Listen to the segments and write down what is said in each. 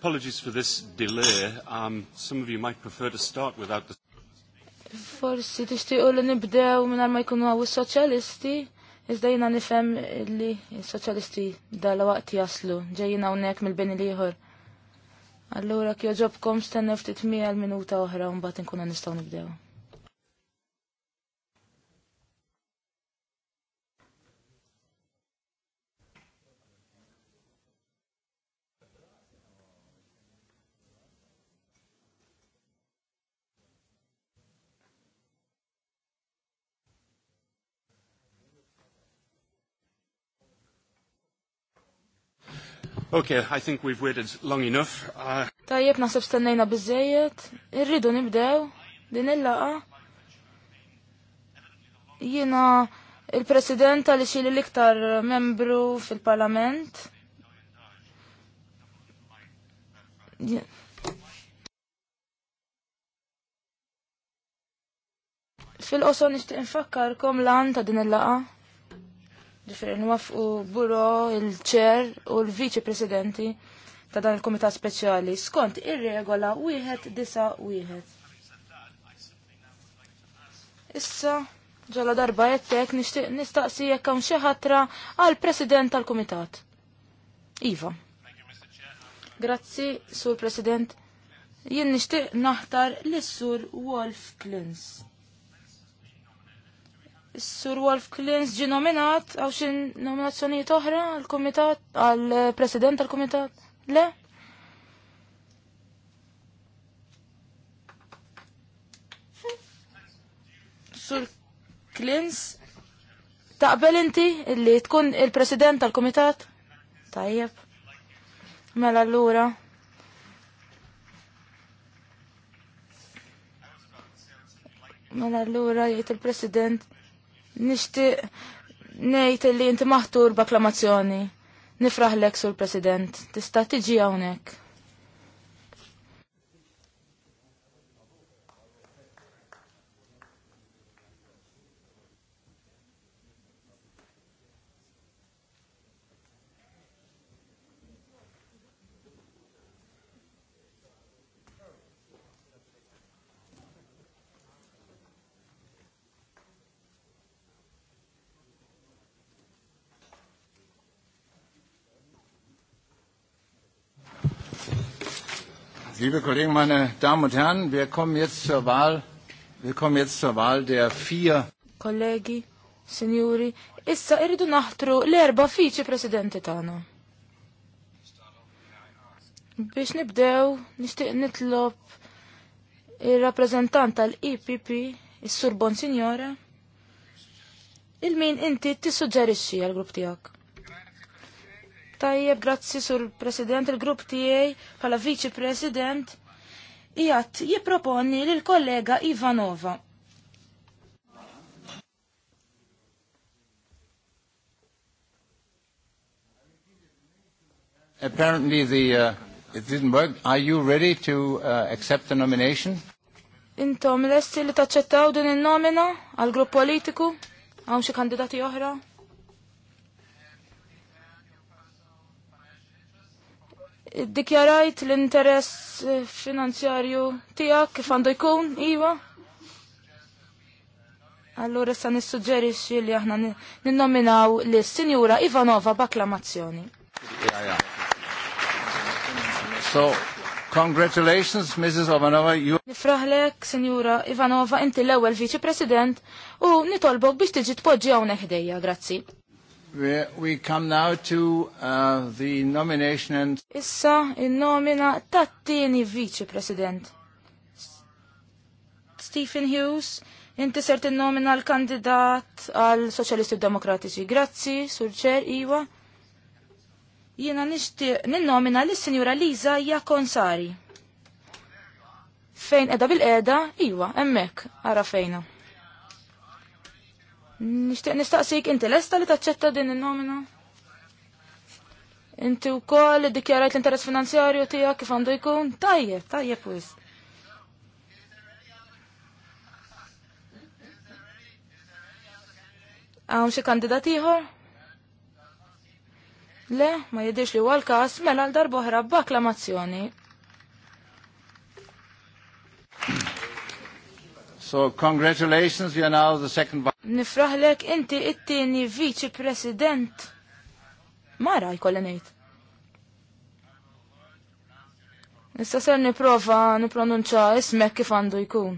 apologies for this delay. Um, some of you might prefer to start without the... Forsi tixtiqu li nibdew minn ma jkunu għaw il-soċalisti, izda jina nifem li il-soċalisti dal waqt jaslu, ġejjina unnek mil beni liħor. Allura kjo ġobkom stennew ftit mija l-minuta oħra un bat nkunu nistaw nibdew. Okay, I think we've waited long enough. Uh, Tajjeb naħseb stennejna biżejjed. Irridu nibdew din il-laqa. Jiena il-president li xil l-iktar membru fil-parlament. fil nishtiq nixtieq infakkarkom lan ta' din il-laqa. Ġifieri nwafqu buro il-ċer u l-viċi presidenti ta' dan il-Kumitat Speċjali skont ir-regola wieħed disa wieħed. Issa ġala darba jettek nixtieq nistaqsi jekk hawn xi ħatra għal President tal-Kumitat. Iva. Grazzi, Sur President. Jien nixtieq naħtar lis sur Wolf Klins. Sur Wolf Klins ġi nominat, għaw xin nominazzjoni oħra għal-komitat, għal-president tal-komitat? Le? Sur Klins, taqbel inti illi tkun il-president tal-komitat? Tajjeb. Mela allura. Mela allura jgħid il-president Nishti nejt li inti maħtur b'akklamazzjoni. Nifraħlek sur President, tista' tiġi hawnhekk. Liebe Kollegen, meine Damen und Herren, wir kommen jetzt zur Wahl, wir kommen jetzt zur Wahl der vier Kollegi, Signori, issa irridu naħtru l-erba fiċi presidenti tagħna. Biex nibdew, nixtieq nitlob ir-rappreżentant tal ipp is-Sur Bonsignore, il-min inti tissuġġerixxi għall-grupp tiegħek. Tajjeb, grazzi sur President, il-grupp tiegħi bħala Viċi President jgħat jipproponi l kollega Ivanova. Apparently the uh, it didn't work. Are you ready to uh, accept the nomination? Intom lesti li taċċettaw din il-nomina għal grupp politiku? hawn xi kandidati oħra? Dikjarajt l-interess eh, finanzjarju tijak kif għandu jkun, iva. Allora sa nissuġġerixxi li aħna ninnominaw li sinjura Ivanova b'akklamazzjoni. So, congratulations, Mrs. Ivanova. You... Nifraħlek, Sinjura Ivanova, inti l-ewwel viċi President u nitolbok biex tiġi tpoġġi hawnhekk grazzi. We come now to uh, the nomination and... Issa, il-nomina tat-tieni viċi president. Stephen Hughes, inti sert il-nomina l-kandidat għal Soċjalisti Demokratiċi. Grazzi, surċer, Iwa. Jena nishti nil nomina l signora Liza Jakonsari. Fejn edha bil-edha, Iwa, emmek, għara fejna. Nishtiq nistaqsik inti lesta li taċċetta din il-nomina? Inti u li dikjarajt l-interess finanzjarju tijak kif għandu jkun? Tajje, tajjeb wis. Għam xie kandidat iħor? Le, ma jidix li mela għal kas, mela l-darboħra b'akklamazzjoni. So, congratulations, you are now the second Nifraħlek inti it-tieni viċi president. Mara jkollha ngħid. Issa ser niprofa nipronunċa ismek kif għandu jkun.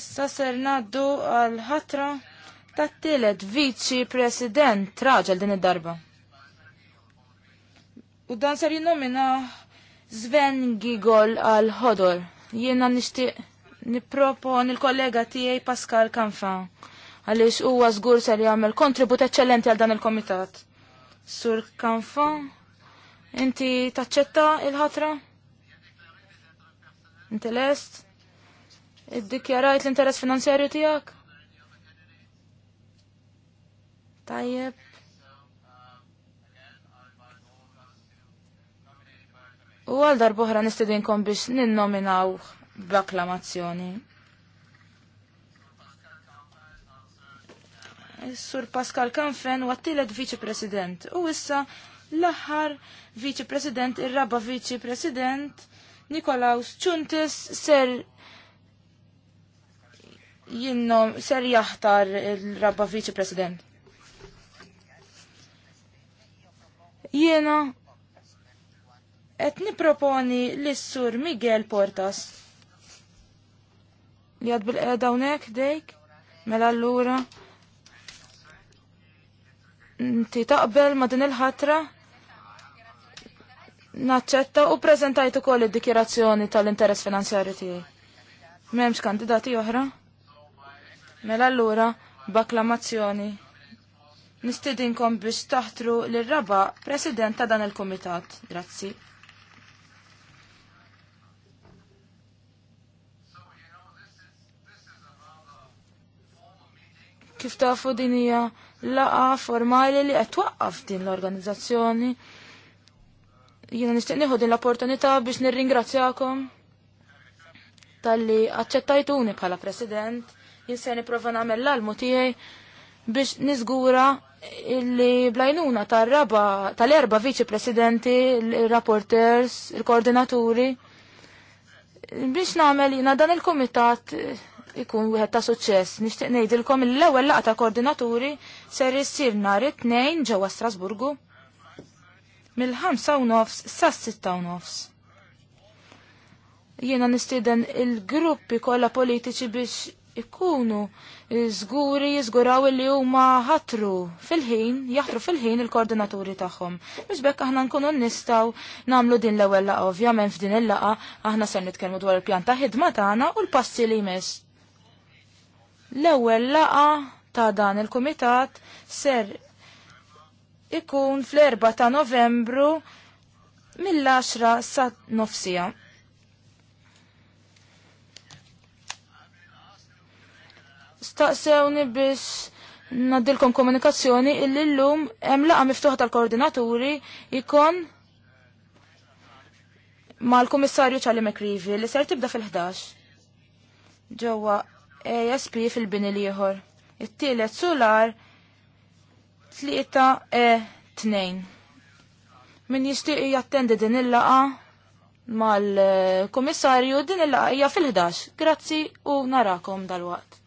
Issa ser naddu għal ħatra tat-tielet viċi president raġel din id-darba. U dan ser jinnomina Sven Gigol għal ħodor. Jiena nixtieq nipropon il-kollega tiegħi Pascal Kanfan għaliex huwa żgur ser jagħmel kontribut eċċellenti għal dan il-komitat. Sur Kanfan, inti taċċetta il-ħatra? Inti lest? Iddikjarajt l-interess finanzjarju tiegħek? Tajjeb. U għal darbohra nistidinkom biex ninnominaw b'akklamazzjoni. Sur Pascal Kanfen u għattilet viċi president u issa l-aħħar viċi president, ir-raba viċi president Nikolaus Ċuntis ser jinnom ser jaħtar il-raba viċi president. Jiena et niproponi l-sur Miguel Portas li għad bil-qeda unek dejk, mela l-lura. Nti taqbel ma din il-ħatra? Naċċetta u prezentajtu ukoll id-dikjerazzjoni tal-interess finanzjarju tiegħi. M'hemmx kandidati oħra? Mela allura b'akklamazzjoni. Nistidinkom biex taħtru l-raba president ta' dan il-komitat. Grazzi. Kif tafu din hija laqa formali li qed twaqqaf din l-organizzazzjoni. Jiena nixtieq nieħu din l-opportunità biex nirringrazzjakom tal-li aċċettajtuni bħala president. Jien se nipprova nagħmel l-almu tiegħi biex niżgura illi blajnuna tal-raba tal-erba viċi presidenti, il-rapporters, il-koordinaturi biex namel jina dan il-komitat ikun wieħed ta' suċċess. Nixtieq ngħidilkom l-ewwel laqgħa ta' koordinaturi ser issir nhar it-tnejn ġewwa Strasburgu mill ħamsa u nofs sas sitta u nofs. Jiena nistieden il-gruppi kollha politiċi biex ikunu żguri jiżguraw li huma ħatru fil-ħin, jaħtru fil-ħin il-koordinaturi tagħhom. Biex bekk aħna nkunu nistgħu nagħmlu din l-ewwel laqgħa ovvjament f'din il-laqgħa aħna ser nitkellmu dwar il-pjan ta' ħidma tagħna u l-passi li jmiss L-ewwel laqa ta' dan il-kumitat ser ikun fl-4 ta' Novembru mill-10 sa' nofsija. Staqsewni biex naddilkom komunikazzjoni illi l-lum hemm laqa miftuħa tal-koordinaturi ikon mal-Kummissarju Charlie McRivy li ser tibda fil-11 ġewwa ESP fil-bini liħor. It-tielet solar 3 E2. Min jistiq jattendi din il-laqa mal-komissarju din il-laqa hija fil-11. Grazzi u narakom dal-waqt.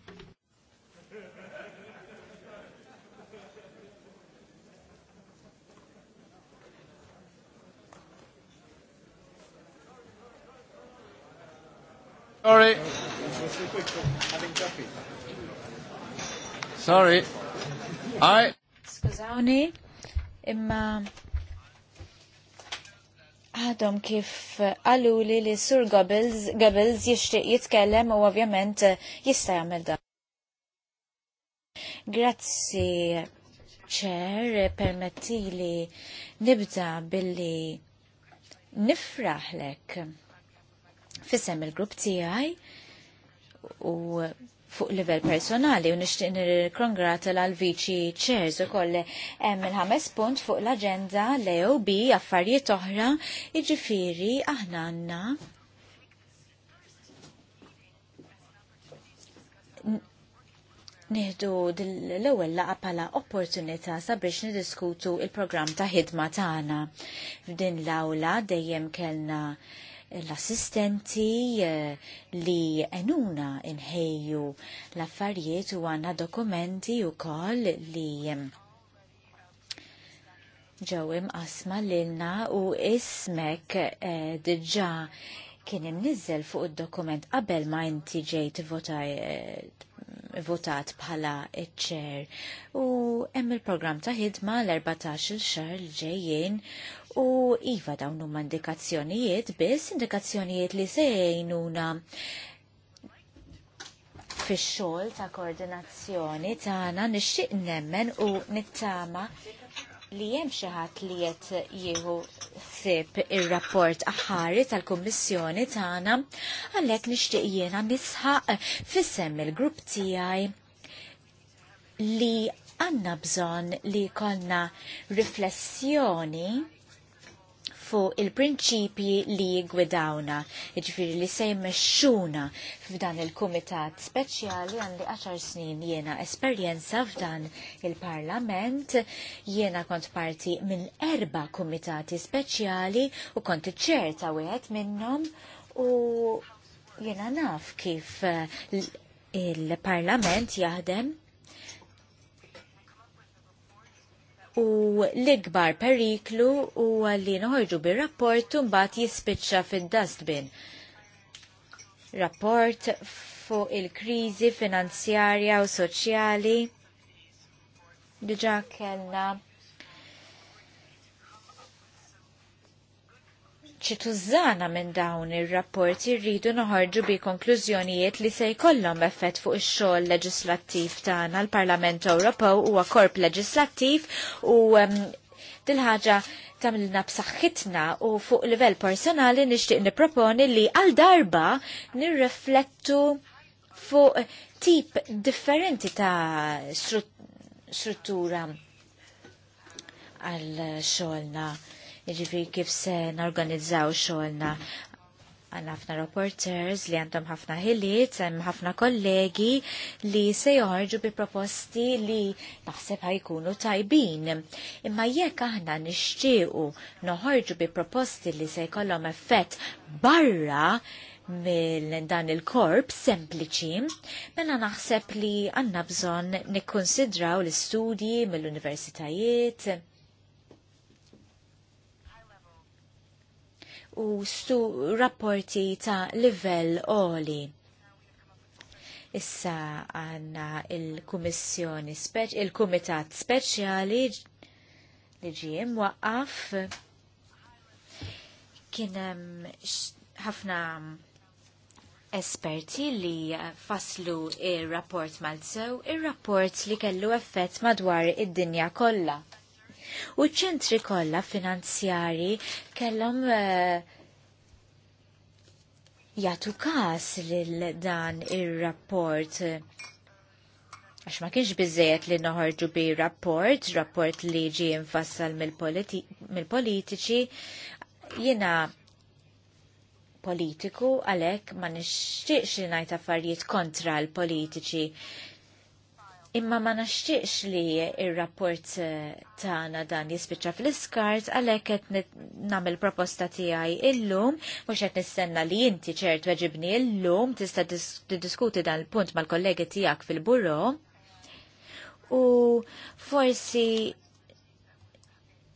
All right. Sorry. I... Skużawni, imma għadhom kif għaluli li Sur Goebbels, Goebbels jitkellem u ovvjament jista' jagħmel dan. Grazzi, ċer, permetti li nibda billi nifraħlek fissem il-grupp tijaj u fuq livell personali u nixtieq nirkongratel għal viċi chairs ukoll hemm il-ħames punt fuq l agenda lew bi affarijiet oħra jiġifieri aħna għandna Nieħdu l-ewwel laqa bħala opportunità sabiex nidiskutu il-programm ta' ħidma tagħna. F'din l-awla dejjem kellna l-assistenti eh, li enuna inħeju l-affarijiet u għanna dokumenti u koll li eh, ġewim asma lilna u ismek dġa eh, diġa kien imnizzel fuq id-dokument qabel ma inti ġejt votat bħala iċċer u hemm il-programm ta' ħidma l-14 xahar ġejjin U iva dawn huma indikazzjonijiet, biss indikazzjonijiet li sejnuna fix-xogħol ta' koordinazzjoni tagħna nixtieq nemmen u nittama li hemm xi ħadd li qed jieħu ħsieb ir-rapport aħħari tal-Kummissjoni tagħna għalhekk nixtieq jiena nisħaq fis-semm il-grupp tiegħi li għandna bżonn li jkollna riflessjoni fuq il-prinċipji li jgwidawna, ġifiri li se jmexxuna f'dan il-Kumitat Speċjali għandi 10 snin jiena esperjenza f'dan il-Parlament, jiena kont parti minn erba kumitati speċjali u kont ċerta wieħed minnhom u jiena naf kif eh, il-Parlament jaħdem U l-ikbar periklu u li noħorġu bil-rapport mbagħad jispiċċa fid-dustbin. Rapport fuq il-kriżi finanzjarja u soċjali diġa kellna ċitużana minn dawn ir-rapporti rridu noħorġu bi konklużjonijiet li se jkollhom effett fuq ix-xogħol leġislattiv tagħna l-Parlament Ewropew huwa korp leġislattiv u dil-ħaġa tamilna b'saħħitna u fuq livell personali nixtieq nipproponi li għal darba nirreflettu fuq tip differenti ta' struttura għal xogħolna Jiġifieri kif se norganizzaw xogħolna għanna ħafna reporters li għandhom ħafna ħiliet, hemm ħafna kollegi li se joħorġu bi proposti li naħseb ħajkunu tajbin. Imma jekk aħna nixtiequ noħorġu bi proposti li se jkollhom effett barra mill dan il-korp sempliċi, mela naħseb li għanna bżon nikkonsidraw l-istudji mill-universitajiet, u stu rapporti ta' livell oli. Issa għanna il-Kummissjoni il-Kumitat Speċjali li ġi imwaqqaf kienem ħafna esperti li faslu il rapport mal-sew, ir-rapport li kellu effett madwar id-dinja kollha U ċentri kollha finanzjari kellhom uh, jagħtu każ lil dan ir-rapport għax ma kienx bizzejet li noħorġu bi rapport, rapport li ġi infassal mill-politiċi, mil jina politiku għalek ma nixtieqx li ngħid affarijiet kontra l-politiċi. Imma ma naxtieqx li il rapport eh, tagħna dan jispiċċa fl-iskart għalhekk qed nagħmel proposta tiegħi illum mhux qed nistenna li inti ċert weġibni illum tista' tiddiskuti dan il-punt mal-kollegi tiegħek fil-burro. U forsi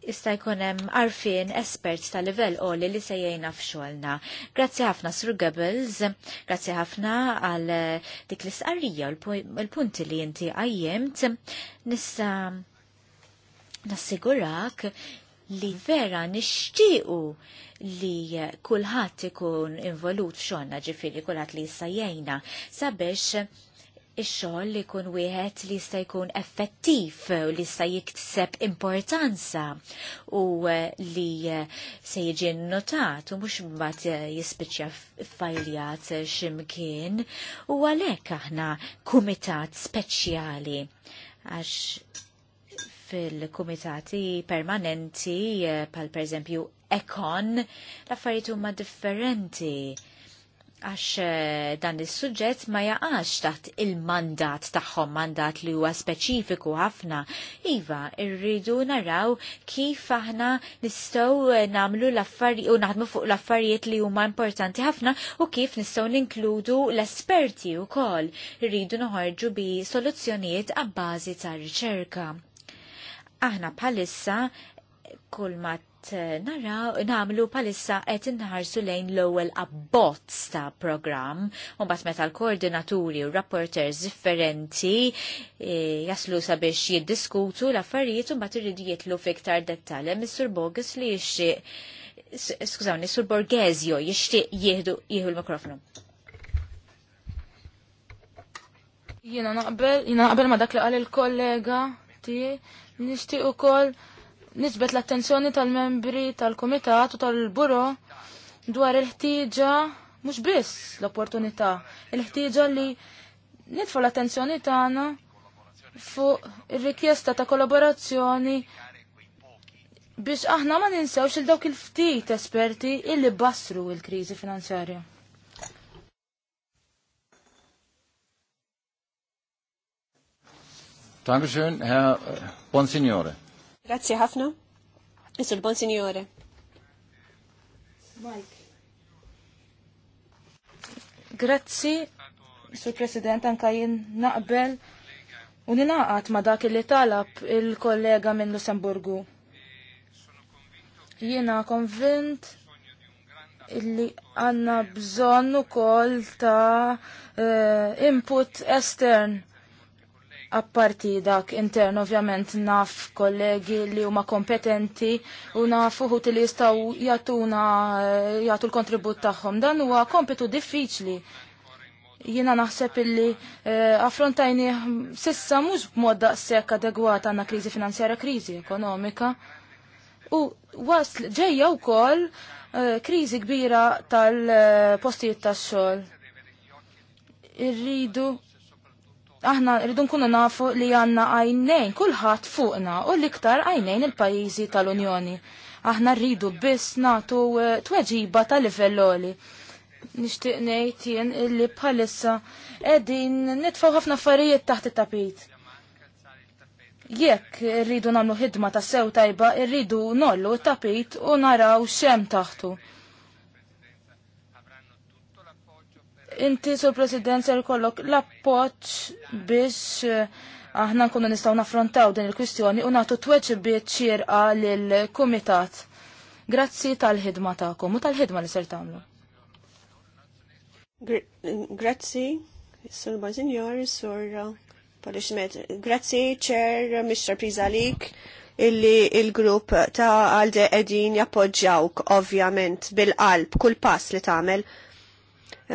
jista' jkun hemm arfin esperts ta' livell qoli li se jgħinna f'xogħolna. Grazzi ħafna Sir Goebbels, grazzi ħafna għal eh, dik l-isqarrija u l-punti li inti għajjemt. Nista nassigurak li vera nixtiequ li kulħadd ikun involut f'xogħolna ġifiri kulħadd li jista' jajna sabiex ix-xogħol li jkun wieħed li jista' jkun effettiv u li jista' jikseb importanza u eh, li eh, se jiġi notat u mhux mbagħad eh, jispiċċja ffajljat x'imkien u għalhekk aħna kumitat speċjali għax fil-kumitati permanenti pal per eżempju ekon l-affarijiet huma differenti għax eh, dan is suġġett ma jaqax taħt il-mandat tagħhom mandat li huwa speċifiku ħafna. Iva, irridu naraw kif aħna nistgħu eh, nagħmlu l-affarijiet u naħdmu fuq l-affarijiet li huma importanti ħafna u kif nistgħu ninkludu l-esperti wkoll. Irridu noħorġu bi soluzzjonijiet għabbażi tar-riċerka. Aħna bħalissa kull ma qed eh, naraw nagħmlu palissa qed inħarsu lejn l-ewwel abbozz ta' programm u mbagħad meta l-koordinaturi u rapporters differenti eh, jaslu sabiex jiddiskutu l-affarijiet u mbagħad iridu jitlu fiktar dettal hemm eh, is-Sur Bogus li jixtieq skużawni, Sur Borgesio jixtieq jieħdu jieħu l-mikrofonu. Jiena naqbel, jiena naqbel ma dak li qal il-kollega tiegħi nixtieq ukoll nisbet l-attenzjoni tal-membri tal-komitat u tal-buro dwar il-ħtieġa mhux biss l-opportunità, il-ħtieġa li nitfu l-attenzjoni tagħna fuq ir-rikjesta ta' kollaborazzjoni biex aħna ma ninsewx il dawk il-ftit esperti illi basru il-kriżi finanzjarja. Dankeschön, Herr Bonsignore. Grazzi ħafna. Isur bon signore. Mike. Grazzi, Sur President, anka jien naqbel u ninaqat ma dak li talab il-kollega minn Lussemburgu. Jiena konvint illi għanna bżonn ukoll ta' uh, input estern Apparti dak intern ovvjament naf kollegi li huma kompetenti u naf uħut li jistgħu jagħtuna eh, jagħtu l-kontribut tagħhom. Dan huwa kompetu diffiċli. Jiena naħseb illi eh, affrontajni sissa mhux b'mod daqshekk adegwat għandna kriżi finanzjarja, kriżi ekonomika. U wasl ġejja wkoll eh, kriżi kbira tal-postijiet eh, tax-xogħol. Irridu aħna rridu nkunu nafu li għanna għajnejn kulħadd fuqna u l-iktar għajnejn il-pajjiżi tal-Unjoni. Aħna rridu biss natu eh, tweġiba tal livell oli. Nixtieq ngħid jien illi bħalissa qegħdin nitfgħu ħafna affarijiet taħt it-tapit. Jekk rridu nagħmlu ħidma ta' sew tajba, rridu nollu t-tapit u naraw xem taħtu. inti sur President ser kollok l-appoċ biex eh, aħna nkunu nistgħu naffrontaw din il-kwistjoni u nagħtu tweġibiet ċirqa lill-kumitat. Grazzi tal-ħidma tagħkom u tal-ħidma li ser tagħmlu. Grazzi, sur Bazinjor, sur eh, Palishmet. Grazzi, ċer, Mr. Pizalik illi il-grupp ta' għalde edin jappoġġawk ovvjament bil-qalb kull pass li tagħmel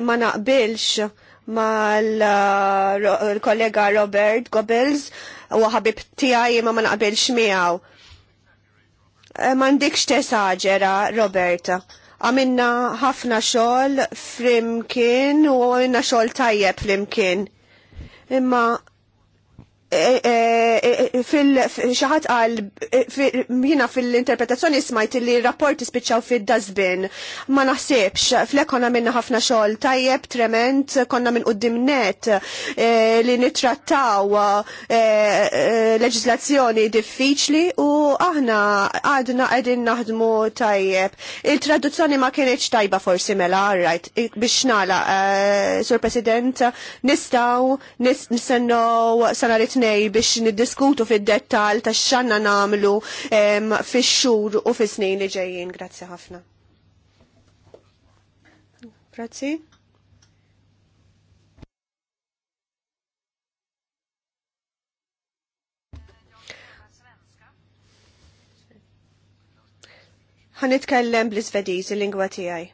ma naqbilx mal-kollega uh, Robert Goebbels u ħabib tiegħi ma ma naqbilx miegħu. Eh, m'għandikx tesaġera, Robert. Għamilna ħafna xogħol flimkien u għamilna xogħol tajjeb flimkien. Imma E, e, e, fil-xaħat għal jina fil-interpretazzjoni smajt li rapporti spiċċaw fil-dazbin ma naħsibx flek konna minna ħafna xol tajjeb trement konna minn qoddimnet li nitrattaw leġislazzjoni diffiċli u aħna għadna għedin naħdmu tajjeb il-traduzzjoni ma kienieċ tajba forsi mela għarrajt biex nala sur president nistaw nistennu sanarit tnej biex niddiskutu fid-dettal ta' xanna namlu fix-xhur u fis-snin li ġejjin. Grazzi ħafna. Grazzi. ħanitkellem bl-Svediż il-lingwa tiegħi.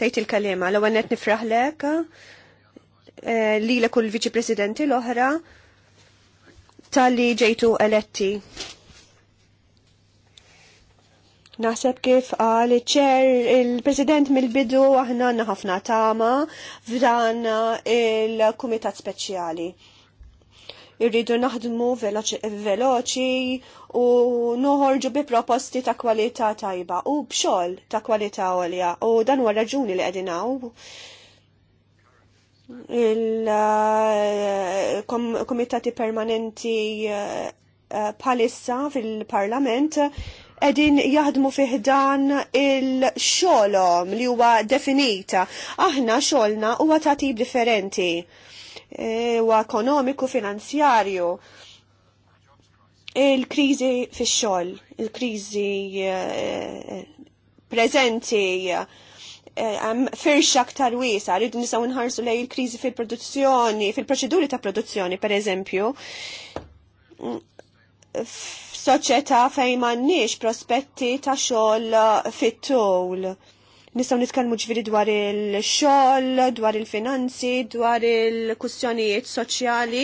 Tejt il-kalima, l-ewwel nifraħlek eh, li l-kull viċi presidenti l-oħra tal-li ġejtu eletti. Naħseb kif għal ċer il-President mill-bidu aħna għanna ħafna tama f'dan il-Kumitat Speċjali. Irridu naħdmu veloċi u noħorġu bi proposti ta' kwalità tajba u bxol ta' kwalità għolja u dan huwa raġuni li għedinaw il-komitati permanenti eh, eh, palissa fil-parlament edin jaħdmu fiħdan il-xolom li huwa definita. Aħna xolna huwa ta' tip differenti e, u ekonomiku finanzjarju. Il-krizi fix-xogħol, il-krizi eh, prezenti hemm firxa aktar wiesa, rrid nisaw nħarsu lej il-kriżi fil-produzzjoni, fil-proċeduri ta' produzzjoni, per eżempju. f-soċeta fejn m'għandniex prospetti ta' xogħol fit tul Nistaw nitkellmu ġviri dwar il-xogħol, dwar il-finanzi, dwar il-kussjonijiet soċjali.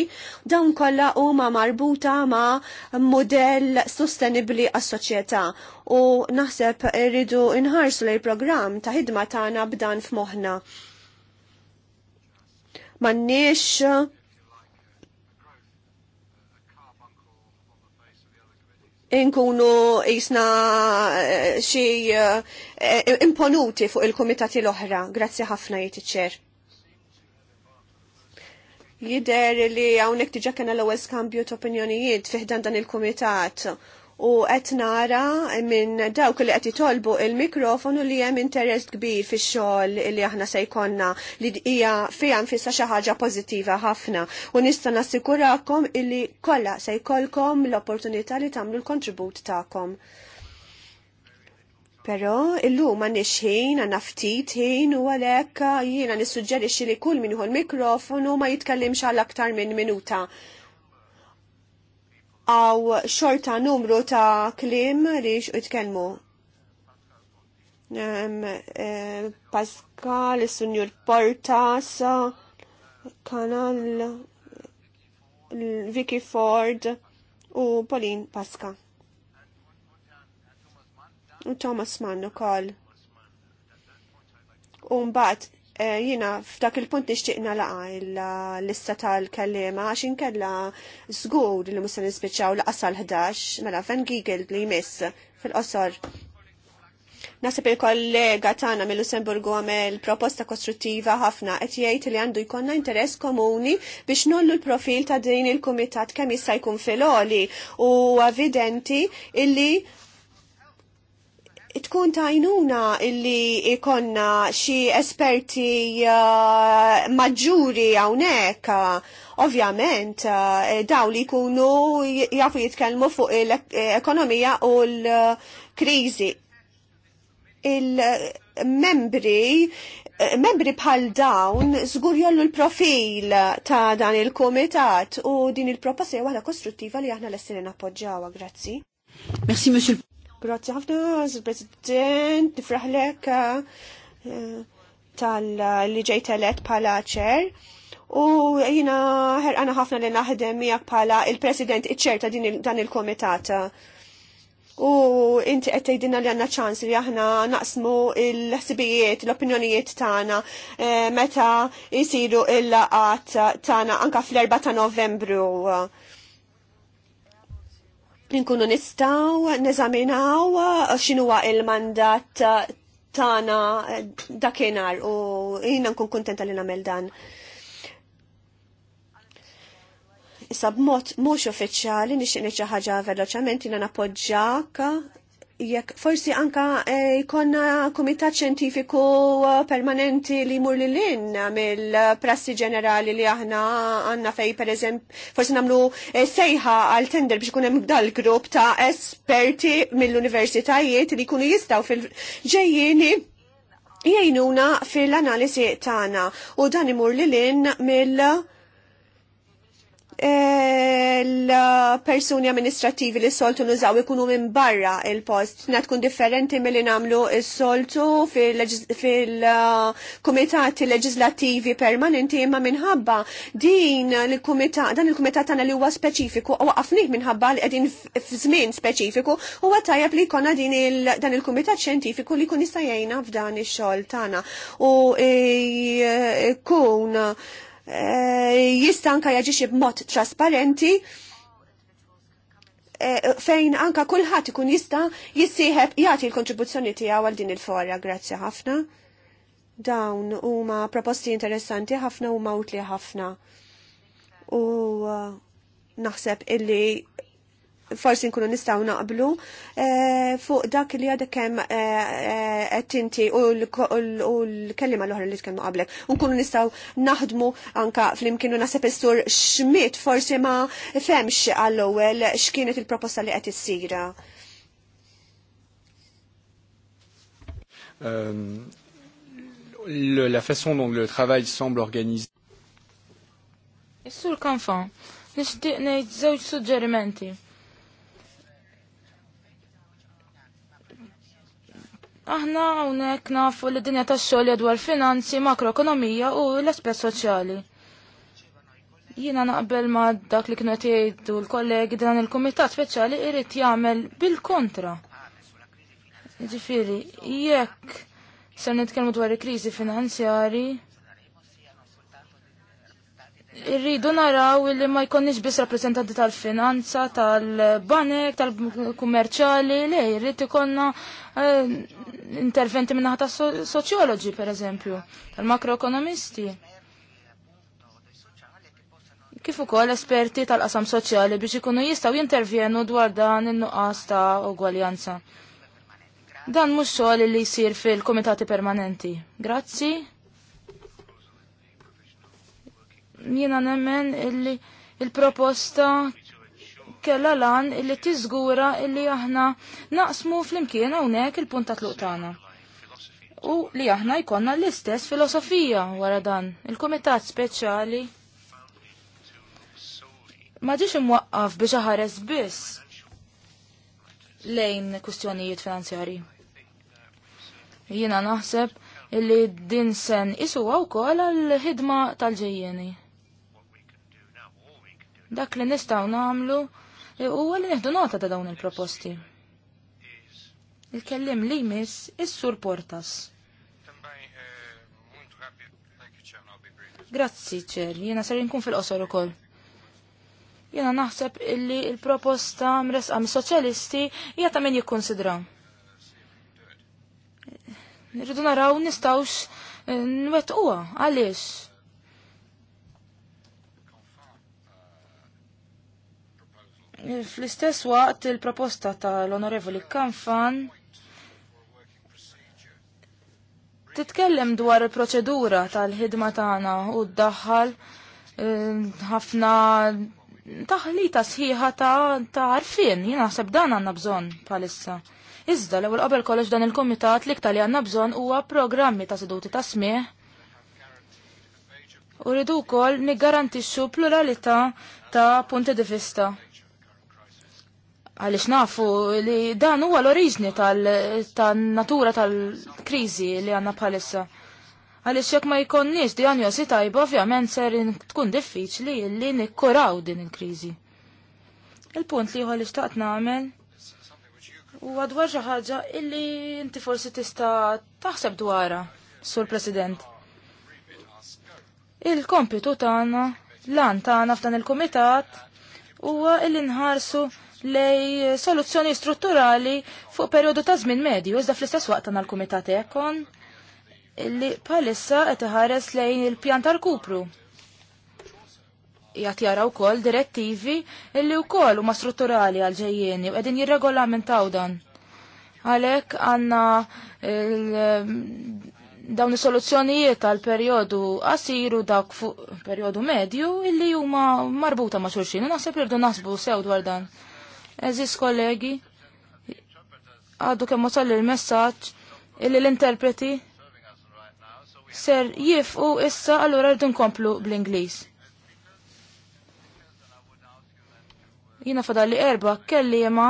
Dawn kollha huma marbuta ma' modell sostenibbli għas-soċjetà u naħseb irridu inħarsu lejn programm ta' ħidma tagħna b'dan f'moħħna. M'għandniex Inkunu jisna eh, xie eh, imponuti fuq il-komitati l-oħra. Grazzi ħafna jiet ċer Jider li għawnek tiġa kena l-ewel skambju ta' opinjonijiet fiħdan dan il-komitat u qed nara minn dawk li qed jitolbu il-mikrofonu li hemm interess kbir fix-xogħol li aħna se jkollna li hija fiha nfissa xi ħaġa pożittiva ħafna u nista' nassikurakom illi kollha se jkollkom l-opportunità li tagħmlu l-kontribut tagħkom. Pero illum għan ħin għanna ftit ħin u għalek jiena nissuġġerixxi li kull minħu l-mikrofonu ma jitkellimx għal aktar minn minuta għaw xorta numru ta' klim li jitkellmu. E, Pascal, il-Sunjur Portas, Kanal, Vicky Ford u Pauline Pasca. U Thomas Mann u U mbagħad Eh, jina, f'dak il-punt nixtieqna laqa l-lista tal-kallima għax inkella żgur li musa nispiċċaw laqas l 11 mela Van Giegel li jmiss fil-qosor. Nasib il-kollega tagħna mill-Lussemburgu għamel proposta kostruttiva ħafna qed jgħid li għandu jkollna interess komuni biex nollu l-profil ta' din il-kumitat kemm jista' jkun filgħoli u evidenti illi tkun tajnuna illi ikonna xi esperti uh, maġġuri hawnhekk. Ovvjament, uh, daw li jkunu jafu jitkellmu fuq l-ekonomija u l-kriżi. Il-membri membri bħal dawn zgur jollu l-profil ta' dan il-komitat u din il-proposta hija waħda kostruttiva li aħna lessini nappoġġawha, grazzi. Merci, Monsieur Grazzi ħafna, President, nifraħlek eh, tal-li ġejt elet pala ċer. U jina ħerqana ħafna li naħdem miegħek pala il-President iċ-ċer ta' dan il-komitat. U inti qed tgħidilna li għandna ċans li aħna naqsmu l-ħsibijiet, l-opinjonijiet tagħna eh, meta jsiru il-laqat tagħna anke fl-4 ta' Novembru li nkunu nistaw neżaminaw uh, x'inhuwa il-mandat uh, tagħna uh, dakinhar u jiena nkun kontenta li nagħmel dan. Issa b'mod mhux uffiċjali nixtieq xi ħaġa veloċament jiena nappoġġjak jekk forsi anka eh, jkonna komitat ċentifiku eh, permanenti li mur li in mill-prassi ġenerali li aħna għanna fej per eżemp forsi namlu eh, sejħa għal tender biex kunem dal grupp ta' esperti mill-universitajiet li kunu jistaw fil-ġejjini jgħinuna fil-analisi tagħna u dan imur li l-in mill- l-persuni amministrativi li soltu nużaw ikunu minn barra il-post. Na tkun differenti mill-li namlu il-soltu fil-komitati leġislativi permanenti imma minħabba din il-komitat, dan il-komitat għana li huwa speċifiku, u għafnih minħabba li għedin f'żmien speċifiku, u għatajab li kona eh, din dan il-komitat xentifiku li kun jistajajna f'dan il-xol tana. U kun Eh, jista' anka jaġixi b'mod trasparenti eh, fejn anka kulħadd ikun jista' jissieħeb jagħti l-kontribuzzjoni tiegħu għal din il-fora. Grazzi ħafna. Dawn huma proposti interessanti ħafna u utli ħafna. U eh, naħseb illi forsi nkunu nistaw naqblu eh, fuq dak li għadek kem tinti eh, eh, u l-kellima l-oħra li tkellmu naqblek. Nkunu nistaw naħdmu anka fl-imkienu nasib istur xmit forsi ma femx għall-ewel xkienet il-proposta li qed issira. Euh, la façon dont le travail semble organisé. Et sur kanfan, nixtieq ngħid żewġ suġġerimenti. Aħna hawnhekk nafu li dinja tax-xogħol dwar finanzi, makroekonomija u l-aspett soċjali. Jiena naqbel ma dak li kienet jgħidu l-kollegi dan il-kumitat speċjali irid jagħmel bil-kontra. Ġifieri, jekk se nitkellmu dwar il-kriżi finanzjari, Irridu naraw li ma jkonniġ biss rappresentanti tal-finanza, tal-banek, tal-kummerċali, le, irrid ikonna eh, interventi minnaħa ta' soċjoloġi, per eżempju, tal-makroekonomisti. Kif ukoll esperti tal-qasam soċjali biex ikunu jistgħu jintervjenu dwar dan in-nuqqas ta' ugwaljanza. Dan mhux xogħol li jsir fil-kumitati permanenti. Grazzi. Jiena nemmen illi il-proposta kella lan illi tiżgura illi aħna naqsmu fl-imkien hawnhekk il-punt l tluq tagħna. U li aħna jkollna l-istess filosofija wara dan. Il-Kumitat Speċjali ma ġiex imwaqqaf biex ħares biss lejn kustjonijiet finanzjarji. Jiena naħseb illi din sen isuwa wkoll għall-ħidma tal-ġejjeni. Dak li nistgħu nagħmlu E, u għalli neħdu nota ta' dawn il-proposti. Il-kellim li jmiss is-sur Portas. Grazzi, ċer, jena ser nkun fil-qosor ukoll. Jena naħseb illi il-proposta mres għam soċjalisti hija ta' min jikkonsidra. Nirridu naraw nistawx eh, nwettquha għaliex Fl-istess waqt il-proposta tal-Onorevoli Kanfan titkellem dwar il-proċedura tal-ħidma tagħna u ddaħħal eh, ħafna taħlita sħiħa ta' għarfien, jina naħseb dan għandna bżonn palissa. Iżda l ewwel qabel kollox dan il-komitat li ktali li għandna bżonn huwa programmi ta' seduti ta' smieħ. U rridu wkoll niggarantixxu pluralità ta' punti di vista. Għalix nafu li dan huwa l-oriġni tal-natura tal tal-krizi li għanna bħalissa. Għalix jekk ma jkonniex diagnosi tajba, ovvjament ser tkun diffiċli li nikkuraw din il-krizi. Il-punt li għalix xtaqt namel u għadwar xi ħaġa illi inti forsi tista' taħseb dwara, Sur President. Il-kompitu tagħna, lan tagħna f'dan il-kumitat huwa illi nħarsu lej soluzzjoni strutturali fuq periodu ta' żmien medju, iżda fl-istess waqt għandna l-Kumitat Ekon li palissa qed iħares lejn il-pjan tal-kupru. Jgħat jaraw kol direttivi illi u kol u ma strutturali għal-ġejjeni u għedin jirregolamentaw dan. Għalek għanna ehm, dawn is-soluzzjonijiet tal perjodu qasir u dak fuq perjodu medju illi huma marbuta ma' xulxin. Naħseb irdu nasbu sew dwar dan. Eżis kollegi, għaddu kemmu salli l messaġġ illi l-interpreti ser jif u issa għallura rridu nkomplu bl inglis Jina fadalli erba kelli jema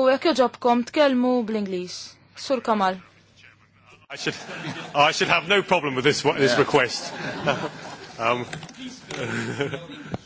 u jekk joġobkom tkellmu bl inglis Sur Kamal. I should, oh, I should have no problem with this, this request. um,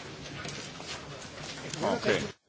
Okay.